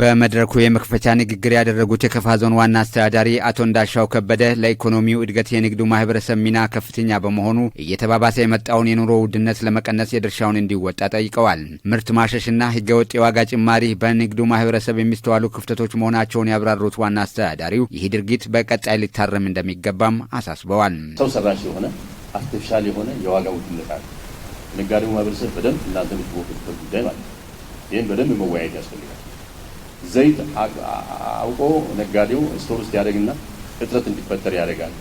በመድረኩ የመክፈቻ ንግግር ያደረጉት የከፋ ዞን ዋና አስተዳዳሪ አቶ እንዳሻው ከበደ ለኢኮኖሚው እድገት የንግዱ ማህበረሰብ ሚና ከፍተኛ በመሆኑ እየተባባሰ የመጣውን የኑሮ ውድነት ለመቀነስ የድርሻውን እንዲወጣ ጠይቀዋል። ምርት ማሸሽና ህገወጥ የዋጋ ጭማሪ በንግዱ ማህበረሰብ የሚስተዋሉ ክፍተቶች መሆናቸውን ያብራሩት ዋና አስተዳዳሪው ይህ ድርጊት በቀጣይ ሊታረም እንደሚገባም አሳስበዋል። ሰው ሰራሽ የሆነ አርቲፊሻል የሆነ የዋጋ ውድነት አለ። ነጋዴው ማህበረሰብ በደንብ እናንተ የምትሞክሩበት ጉዳይ ማለት ይህን በደንብ መወያየት ያስፈልጋል። ዘይት አውቆ ነጋዴው ስቶር ውስጥ ያደርግና እጥረት እንዲፈጠር ያደርጋል።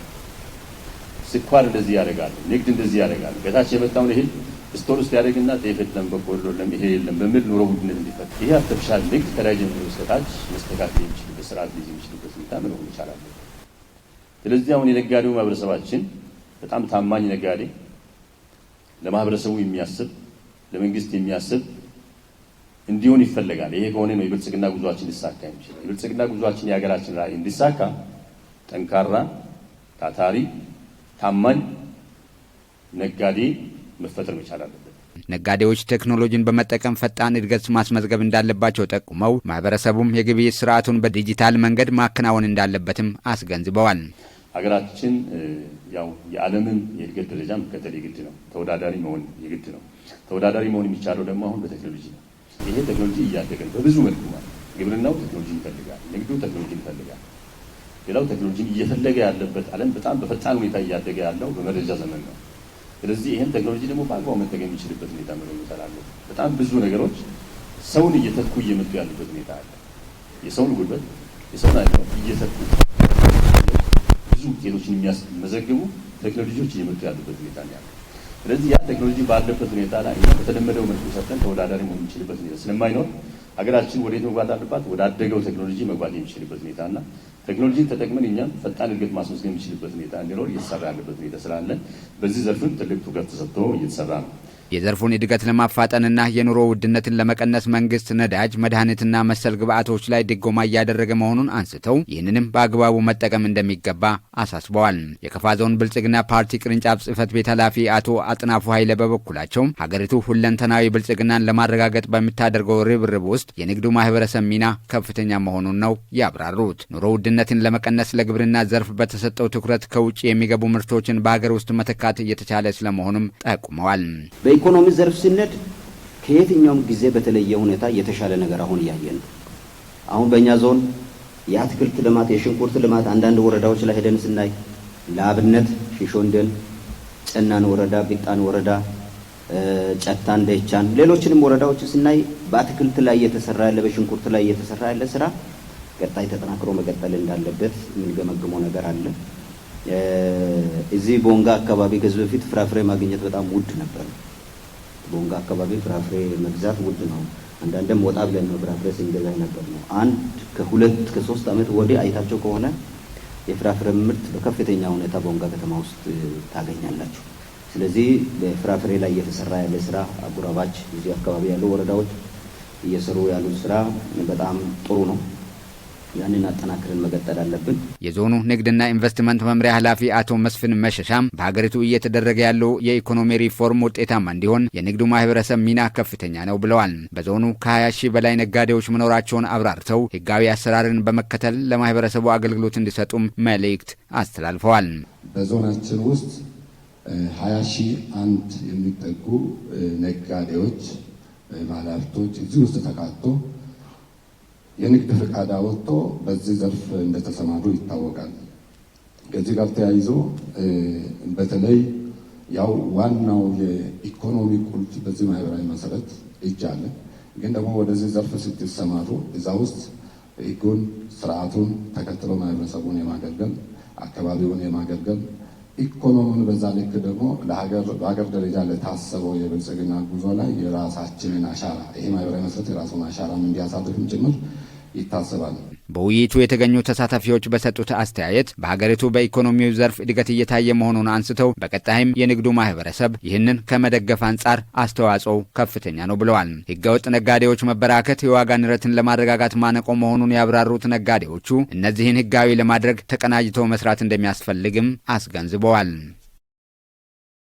ስኳር እንደዚህ ያደርጋል። ንግድ እንደዚህ ያደርጋል። ከታች የመጣውን ይሄ ስቶር ውስጥ ያደርግና ጤፍ የለም፣ በቆሎ የለም፣ ይሄ የለም በሚል ኑሮ ውድነት እንዲፈጥ ይሄ አርተፊሻል ንግድ ከላይ ከረጅም ከታች መስተካከል የሚችልበት ስርዓት ሊይዝ የሚችልበት ሁኔታ መኖር ይቻላል። ስለዚህ አሁን የነጋዴው ማህበረሰባችን በጣም ታማኝ ነጋዴ፣ ለማህበረሰቡ የሚያስብ ለመንግስት የሚያስብ እንዲሆን ይፈለጋል። ይሄ ከሆነ ነው የብልጽግና ጉዟችን ሊሳካ የሚችል። የብልጽግና ጉዟችን የሀገራችን ራዕይ እንዲሳካ ጠንካራ፣ ታታሪ፣ ታማኝ ነጋዴ መፈጠር መቻል አለበት። ነጋዴዎች ቴክኖሎጂን በመጠቀም ፈጣን እድገት ማስመዝገብ እንዳለባቸው ጠቁመው ማህበረሰቡም የግብይት ስርዓቱን በዲጂታል መንገድ ማከናወን እንዳለበትም አስገንዝበዋል። ሀገራችን ያው የዓለምን የእድገት ደረጃ መከተል የግድ ነው። ተወዳዳሪ መሆን የግድ ነው። ተወዳዳሪ መሆን የሚቻለው ደግሞ አሁን በቴክኖሎጂ ነው። ይሄ ቴክኖሎጂ እያደገ በብዙ መልኩ ማለት ግብርናው ቴክኖሎጂ ይፈልጋል፣ ንግዱ ቴክኖሎጂ ይፈልጋል። ሌላው ቴክኖሎጂ እየፈለገ ያለበት ዓለም በጣም በፈጣን ሁኔታ እያደገ ያለው በመረጃ ዘመን ነው። ስለዚህ ይህን ቴክኖሎጂ ደግሞ በአግባቡ መጠቀም የሚችልበት ሁኔታ መገኘት አለ። በጣም ብዙ ነገሮች ሰውን እየተኩ እየመጡ ያሉበት ሁኔታ አለ። የሰውን ጉልበት የሰውን አይነት እየተኩ ብዙ ውጤቶችን የሚያስመዘግቡ ቴክኖሎጂዎች እየመጡ ያሉበት ሁኔታ ነው ያለው። ስለዚህ ያ ቴክኖሎጂ ባለበት ሁኔታ ላይ በተለመደው መልኩ ሰጥተን ተወዳዳሪ መሆን የሚችልበት ሁኔታ ስለማይኖር ሀገራችን ወዴት መግባት አለባት? ወደ አደገው ቴክኖሎጂ መግባት የሚችልበት ሁኔታ እና ቴክኖሎጂን ተጠቅመን እኛም ፈጣን እድገት ማስመዝገብ የሚችልበት ሁኔታ እንዲኖር እየተሰራ ያለበት ሁኔታ ስላለን በዚህ ዘርፍም ትልቅ ትኩረት ተሰጥቶ እየተሰራ ነው። የዘርፉን እድገት ለማፋጠንና የኑሮ ውድነትን ለመቀነስ መንግስት ነዳጅ፣ መድኃኒትና መሰል ግብዓቶች ላይ ድጎማ እያደረገ መሆኑን አንስተው ይህንንም በአግባቡ መጠቀም እንደሚገባ አሳስበዋል። የከፋ ዞን ብልጽግና ፓርቲ ቅርንጫፍ ጽህፈት ቤት ኃላፊ አቶ አጥናፉ ኃይለ በበኩላቸው ሀገሪቱ ሁለንተናዊ ብልጽግናን ለማረጋገጥ በምታደርገው ርብርብ ውስጥ የንግዱ ማህበረሰብ ሚና ከፍተኛ መሆኑን ነው ያብራሩት። ኑሮ ውድነትን ለመቀነስ ለግብርና ዘርፍ በተሰጠው ትኩረት ከውጭ የሚገቡ ምርቶችን በሀገር ውስጥ መተካት እየተቻለ ስለመሆኑም ጠቁመዋል። ኢኮኖሚ ዘርፍ ስንሄድ ከየትኛውም ጊዜ በተለየ ሁኔታ የተሻለ ነገር አሁን እያየን ነው። አሁን በእኛ ዞን የአትክልት ልማት፣ የሽንኩርት ልማት አንዳንድ ወረዳዎች ላይ ሄደን ስናይ ለአብነት ሽሾንደን፣ ጨናን ወረዳ፣ ቢጣን ወረዳ፣ ጨታን፣ ደቻን፣ ሌሎችንም ወረዳዎች ስናይ በአትክልት ላይ እየተሰራ ያለ በሽንኩርት ላይ እየተሰራ ያለ ስራ ቀጣይ ተጠናክሮ መቀጠል እንዳለበት የምንገመግመው ነገር አለ። እዚህ ቦንጋ አካባቢ ከዚህ በፊት ፍራፍሬ ማግኘት በጣም ውድ ነበር። ቦንጋ አካባቢ ፍራፍሬ መግዛት ውድ ነው። አንዳንድም ወጣ ብለን ነው ፍራፍሬ ስንገዛ ነበር ነው። አንድ ከሁለት ከሶስት ዓመት ወዲህ አይታቸው ከሆነ የፍራፍሬ ምርት በከፍተኛ ሁኔታ ቦንጋ ከተማ ውስጥ ታገኛላችሁ። ስለዚህ በፍራፍሬ ላይ እየተሰራ ያለ ስራ አጉራባች እዚህ አካባቢ ያሉ ወረዳዎች እየሰሩ ያሉ ስራ በጣም ጥሩ ነው። ያንን አጠናክረን መቀጠል አለብን። የዞኑ ንግድና ኢንቨስትመንት መምሪያ ኃላፊ አቶ መስፍን መሸሻም በሀገሪቱ እየተደረገ ያለው የኢኮኖሚ ሪፎርም ውጤታማ እንዲሆን የንግዱ ማህበረሰብ ሚና ከፍተኛ ነው ብለዋል። በዞኑ ከ20 ሺህ በላይ ነጋዴዎች መኖራቸውን አብራርተው ህጋዊ አሰራርን በመከተል ለማህበረሰቡ አገልግሎት እንዲሰጡም መልእክት አስተላልፈዋል። በዞናችን ውስጥ 20 ሺህ አንድ የሚጠጉ ነጋዴዎች፣ ባለሀብቶች እዚህ ውስጥ ተካቶ የንግድ ፍቃድ አወጥቶ በዚህ ዘርፍ እንደተሰማሩ ይታወቃል። ከዚህ ጋር ተያይዞ በተለይ ያው ዋናው የኢኮኖሚ ቁልፍ በዚህ ማህበራዊ መሰረት እጅ አለ። ግን ደግሞ ወደዚህ ዘርፍ ስትሰማሩ እዛ ውስጥ ህጉን፣ ስርዓቱን ተከትሎ ማህበረሰቡን የማገልገል አካባቢውን የማገልገል ኢኮኖሚውን በዛ ልክ ደግሞ በሀገር ደረጃ ለታሰበው የብልጽግና ጉዞ ላይ የራሳችንን አሻራ ይሄ ማህበራዊ መሰረት የራሱን አሻራም እንዲያሳድርም ጭምር ይታሰባል። በውይይቱ የተገኙ ተሳታፊዎች በሰጡት አስተያየት በሀገሪቱ በኢኮኖሚው ዘርፍ እድገት እየታየ መሆኑን አንስተው በቀጣይም የንግዱ ማህበረሰብ ይህንን ከመደገፍ አንጻር አስተዋጽኦው ከፍተኛ ነው ብለዋል። ህገወጥ ነጋዴዎች መበራከት የዋጋ ንረትን ለማረጋጋት ማነቆ መሆኑን ያብራሩት ነጋዴዎቹ እነዚህን ህጋዊ ለማድረግ ተቀናጅተው መስራት እንደሚያስፈልግም አስገንዝበዋል።